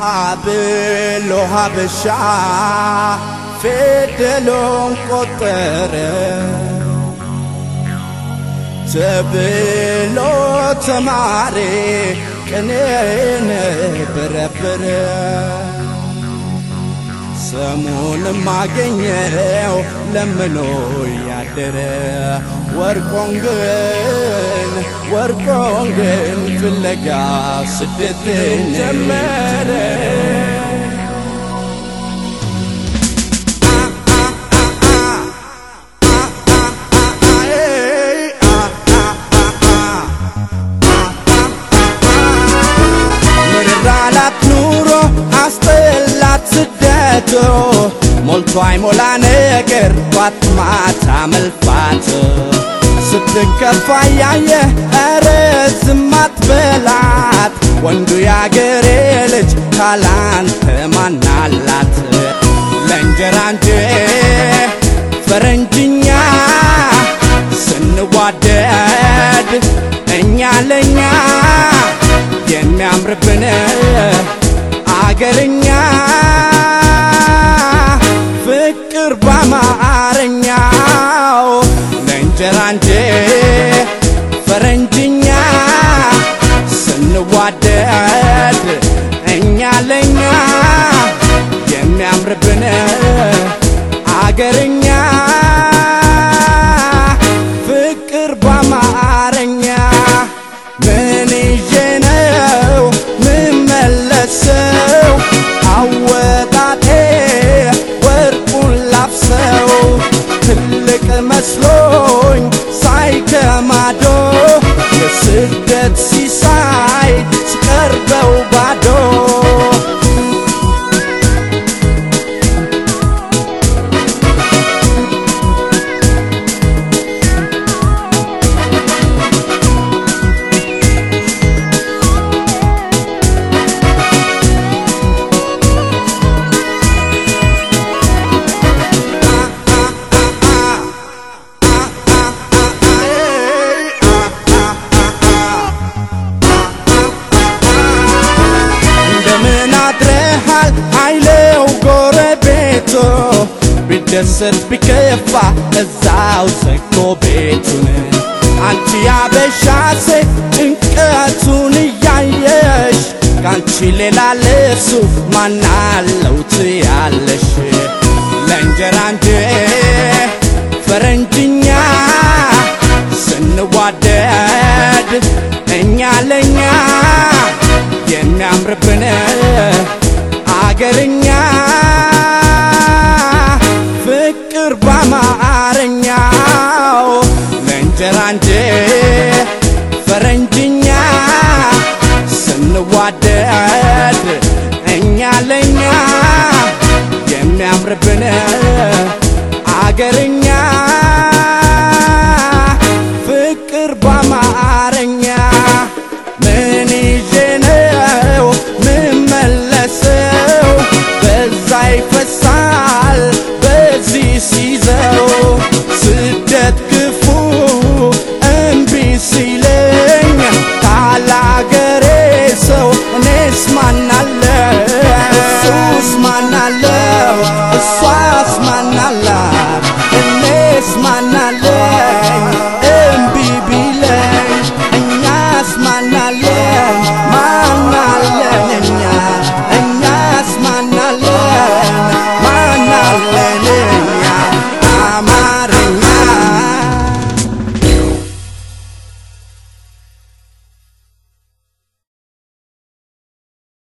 هابلوها بالشعاع فدلون قطره تبلو تماري كنين بربره ስሙን ማገኘው ለምኖ ያደረ ወርቆን ግን ወርቆን ግን ፍለጋ ስደትን ጀመረ። ጀሮ ሞልቶ አይሞላ ነገር ጧት ማታ መልፋት ስትከፋ ያየ ኧረ ዝም አትበላት ወንዱ ያገሬ ልጅ ካላንተ ማናላት ለእንጀራ እንጂ ፈረንጅኛ ስንዋደድ እኛ ለእኛ የሚያምርብን ወዳጄ ፈረንጅኛ ስንዋደድ እኛ ለኛ የሚያምርብን አገርኛ ፍቅር ባማረኛ that's ቢደሰት ቢከፋ እዛው ዘግቶ ቤቱን አንቺ ያበሻሴ ጭንቀቱን እያየሽ ካንቺ ሌላ ልብሱ ማናለው ትያለሽ ለእንጀራ እንጂ ፈረንጅኛ ስንዋደድ እኛ ለኛ የሚያምርብን አገርኛ አማርኛው ለእንጀራ ፈረንጅኛ ስንዋደድ እኛ ለኛ የሚያምርብን አገርኛ